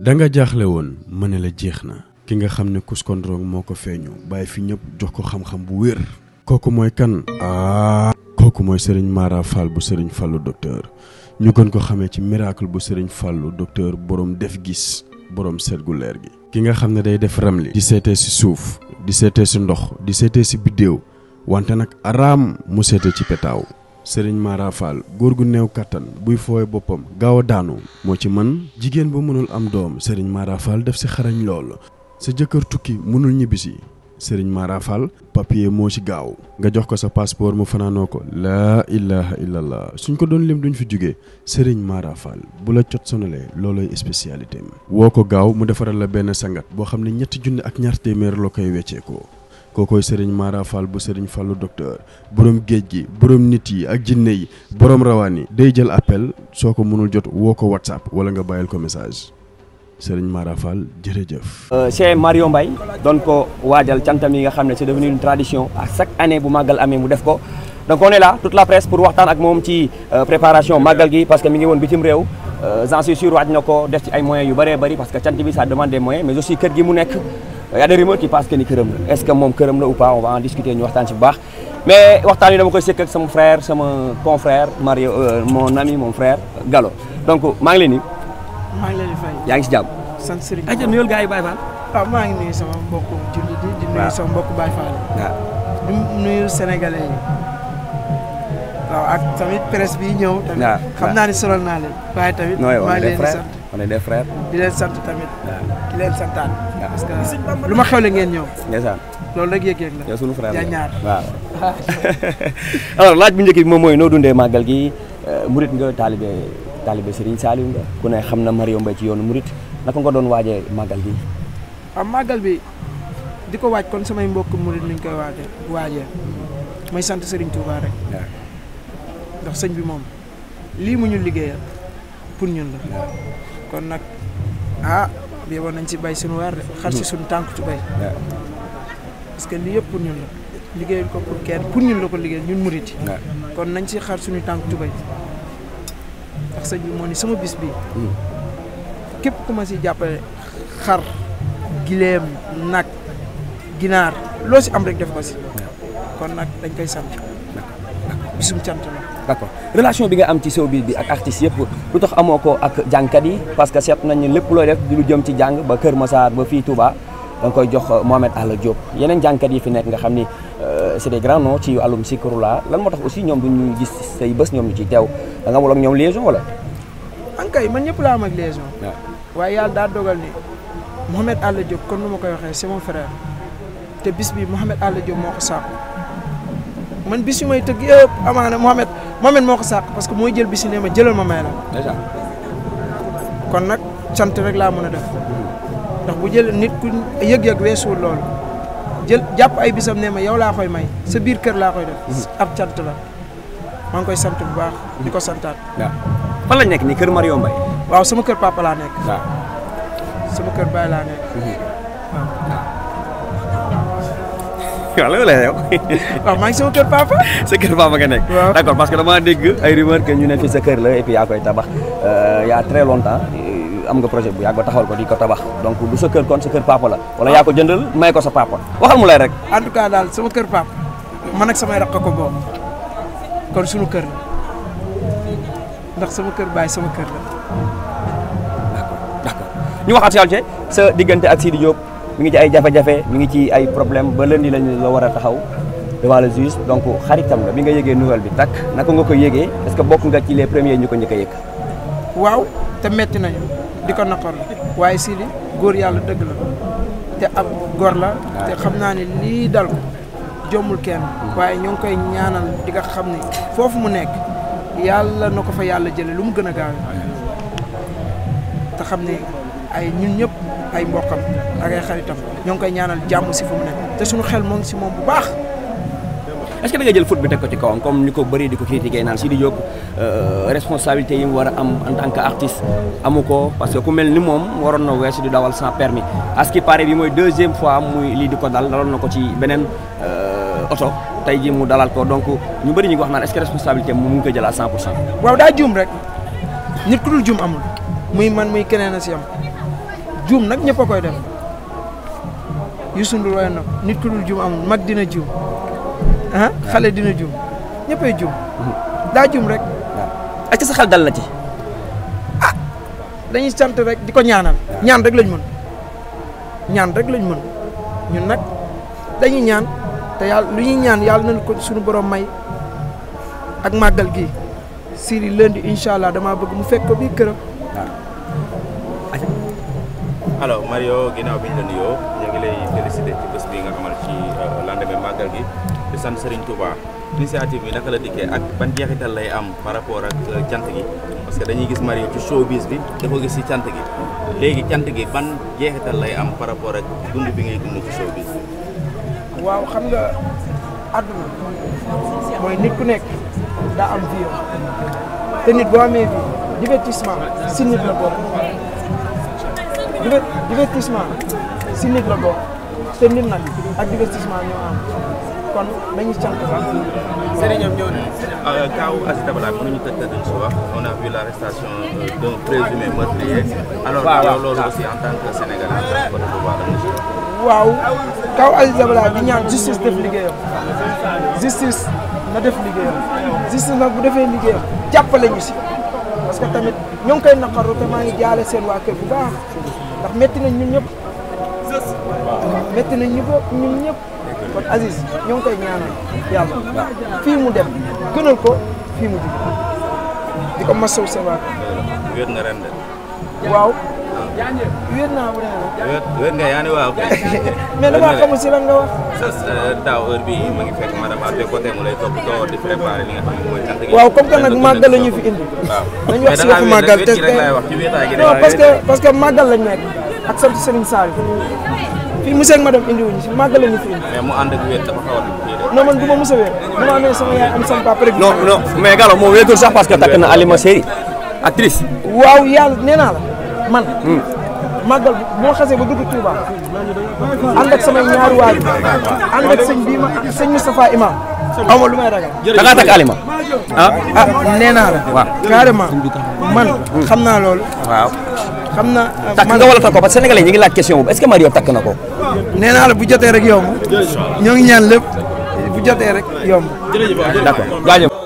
da nga jaaxle woon ma ne la jeex na ki nga xam ne kuskondrong moo ko feeñu bàyyi fi ñëpp jox ko xam-xam bu wér kooku mooy kan ah kooku mooy sëriñ Mara bu sëriñ Fallu docteur ñu gën ko xamee ci miracle bu sëriñ Fallu docteur borom def gis borom seet gu leer gi ki nga xam ne day def ramli di seetee si suuf di seetee si ndox di seetee si biddéew wante nag araam mu seetee ci petaaw Serigne Mara góor gu néew kattan buy fooy boppam gaaw a daanu moo ci man jigéen ba mënul am doom Serigne Mara def si xarañ lool sa jëkkër tukki mënul ñibbisi Serigne Mara Fall moo ci gaaw nga jox ko sa passeport mu fanaanoo ko laa ilaha illallah suñ ko doon lim duñ fi jóge Serigne Mara bu la cot sonalee looluy spécialité am woo ko gaaw mu defaral la benn sangat boo xam ne ñetti junni ak ñaar téeméer loo koy weccee ko kookooy sëriñ Mara Fall bu sëriñ Fallu docteur borom géej gi borom nit yi ak jinne yi borom rawaan yi day jël appel soo ko mënul jot woo ko whatsapp wala nga bàyyil ko message sëriñ Mara Fall jërëjëf. Euh, Cheikh Mario Mbaye doon ko waajal cantam yi nga xam ne c'est devenu une tradition à chaque année bu màggal amee mu def ko. donc on est là toute la presse pour waxtaan ak moom ci euh, préparation màggal gi parce que mi ngi woon bitim réew euh, j'en suis sûr waaj bi ça demande des moyens mais aussi kër gi y a des rumeurs que ni këram la est-ce que moom këram la ou pas on va en discuter ñu waxtaan ci baax mais waxtaan yi dama ko sëkk ak sama frère sama confrère Mario euh, mon ami mon frère Gallo donc maa ngi leen maa ngi leen yaa ngi si jàmm. sant Serigne. ayca nuyul gars yi Baye Fall. waaw ah, maa ngi nuyu sama mbokku jullit yi. di nuyu sama mbokku Baye Fall. waaw di nuyu yi. waaw tamit presse bi ñëw. tamit xam naa ne sonal naa tamit maa ngi leen on est des frères. di leen sant tamit. di leen santaan. parce que lu ma xewle ngeen ñëw. ndeysaan loolu rek yëg-yëg la. yow sunu frère la ñaar waaw. laaj bu njëkk bi moom mooy noo dundee màggal gi euh, murit nga taalibe taalibe Serigne Saliou nga ku ne xam na Mario ci yoonu murit naka nga doon waaje màggal bi waaw ah, màggal bi di ko waaj kon samay mbokk murit ni ñu koy waajee waajee may sant sëriñ Touba rek. ndax sëñ bi moom lii mu ñu liggéeyal pour ñun la. kon nag ah bii war nañ ci bay suñu waar de. xar si mm. suñu tànk ci bay. parce que yëpp pour ñun la. liggéeyal ko pour kenn pour ñun la ko liggéey ñun murit yi kon nañ si xar suñu tànk tubay ndax sëñ bi moo ni sama bis bi mm. képp ku si jàppale xar gileem nag ginaar loo si am rek def ko si kon nag dañ koy sant bisum cant la. d' accord relation bi nga am ci showbiz bi ak artistes yëpp lu tax amoo ko ak jàngkat yi parce que seet nañ lépp looy def di lu jëm ci jàng ba Kër Massar ba fii Touba da koy jox euh, Mohamed Alla Diop yeneen jàngkat yi fi nekk nga xam ni euh, c' est des grands noms ci wàllum Zikrulaah lan moo tax aussi ñoom du ñu gis say bës ñoom ñu ciy teew da nga wala ak ñoom liaison wala. ankay man ñëpp laa am ak liaison. waaye yàlla daa dogal ni Mohamed Alla Diop kon nu ma koy waxee c' est te bis bi Mohamed Alla Diop moo ko sàkku man bis yu may tëgg yëpp amaana Mohamed Mohamed moo ko sàq parce que mooy jël bis yi ne ma jëlal ma may la. kon nag sant rek laa mën a def ndax bu jël nit ku yëg-yëg weesuwul loolu jël jàpp ay bisam ne ma yow laa koy may sa biir kër laa koy def. Mhm. ab cant la maa ngi koy sant bu baax. di ko santaat. waaw fan nekk nii kër Mario Mbaye. waaw sama kër papa laa nekk. waaw sama kër baay laa nekk. Mhm. waaw loolu la yow. waaw maa ngi sama kër papa. sa kër papa nga nekk. waaw d'accord parce que dama dégg ay rumeur ñu ne fii sa kër la et puis yaa koy tabax y a très longtemps am nga projet bu yaa ko taxawal ko di ko tabax donc du sa kër kon sa kër papa la. wala yaa ko jëndal may ko sa papa waxal mu lay rek. en tout cas daal sama kër papa man ak samay rakk ko boobu kon sunu kër la ndax sama kër baay sama kër la. ñu waxaat si sa diggante ak Sidi Diop. mu ngi ci ay jafe-jafe mi ngi ci ay problème ba lundi lañ la war a taxaw devant le juge donc xaritam la bi nga yëgee nouvelle bi takk naka nga ko yëgee parce que bokk nga ci les premiers ñu ko njëkk a yëg waaw te metti nañu di ko naqar waaye si góor yàlla dëgg la te ab góor la te xam naa ne lii dal ko jommul kenn waaye ñoo ngi koy ñaanal di nga xam ni foofu mu nekk yàlla na ko fa yàlla jële lu mu gën a gaaw te xam ne ay ñun ñëpp ay mbokkam ak ay xaritam ñoo ngi koy ñaanal jàmm si fu mu nekk te suñu xel moo ngi si moom bu baax. est-ce que da nga jël foot bi teg ko ci kawam comme ñu ko bëri di ko critiquer naan Sidy Diop euh, responsabilité yi mu war a am en tant que artiste amu ko parce que ku mel ni moom waroon na weesu di dawal san permis à ce bi mooy deuxième fois muy lii di ko dal daloon na ko ci beneen euh, oto tey ji mu dalal ko donc ñu bëri ñu ngi wax naan est-ce que responsabilité mu ngi ko jël san 100 pour cent. waaw daa juum rek nit ku dul man muy keneen a juum nag ñëpp koy dem Youssou Ndour waaye nag nit ku dul juum amul mag dina juum ah xale dina juum ñëppay juum mm-hmm. daa juum rek ak sa xel dal na ci ah dañuy sant rek di ko ñaanal ñaan rek lañ mën ñaan rek lañ mën ñun nag dañuy ñaan te yàlla lu ñuy ñaan yàlla nañu ko suñu borom may ak màggal gi Siri lundi incha allah damaa bëgg mu fekk ko bii këram alors Mario ginnaaw bi ñu la nuyoo ñu ngi lay félicité ci bés bi nga xamal ci euh, lendemain màggal gi di sant Serigne Touba initiative bi naka la dikkee ak ban jeexital lay am par rapport ak euh, cant gi parce que dañuy gis Mario ci showbiz bi da ko gis ci cant gi léegi cant gi ban jeexital lay am par rapport ak dund bi ngay dund ci showbiz bi. waaw xam nga àdduna mooy nit ku nekk daa am vie te nit boo amee vie divertissement si nit la bokk. divertissement si nit la bokk te nit nag ak divertissement ñoo am kon dañu cant ba. Sénégal ñëw nañu. Ah, Kaawu Aziz Dabala wax on a vu l'arrestation euh, d'un présumé meurtrier. alors yow loolu aussi en tant que Sénégalais en tant que pouvoir waaw Kaawu Aziz Dabala di ñaan justice def liggéeyam justice na def liggéey liggéeyam justice nag bu defee liggéey jàppale ñu si parce que tamit ñoo ngi koy naqaru te maa ngi jaale seen waa kër bu ndax métti nañ ñun ñëpp. métti nañ ñu ko ñun ñëpp. kon Aziz ñoo koy ñaanal yàlla fii mu dem gënal ko fii mu jub di ko masawu sa waaw. wéet naa mu waaw. mais damaa euh, bi ma ngi fekk madame Abe côté mu lay toppatoo que nag màggal la ñu fi indi. nañu wax si waxu màggal te non parce lañ nekk ak sant Serigne Sall fii monsieur indi wuñu si màggal la ñu fi indi. mais mu ànd ak wéet dafa a. man du ma mos a wéet. ma amee sama yaay am sama papa rek. non non moo wéetul sax parce que takk na Alima Séri waaw yàlla nee naa la. man. màggal moo xasee ba dugg Touba ànd ak samay ñaari waajur ànd ak sëñ bii ma sëñ Moustapha Imam aw ma lu may ragal. da ngaa takk alima. ah ah nee naa la. waaw man xam naa loolu. waaw xam na ah, takk nga wala takk ko parce que ñi ngi laaj question boobu est que Mario takk na ko. nee naa bu jotee rek yomb. ñoo ngi ñaan lépp bu jotee rek yomb. d'accord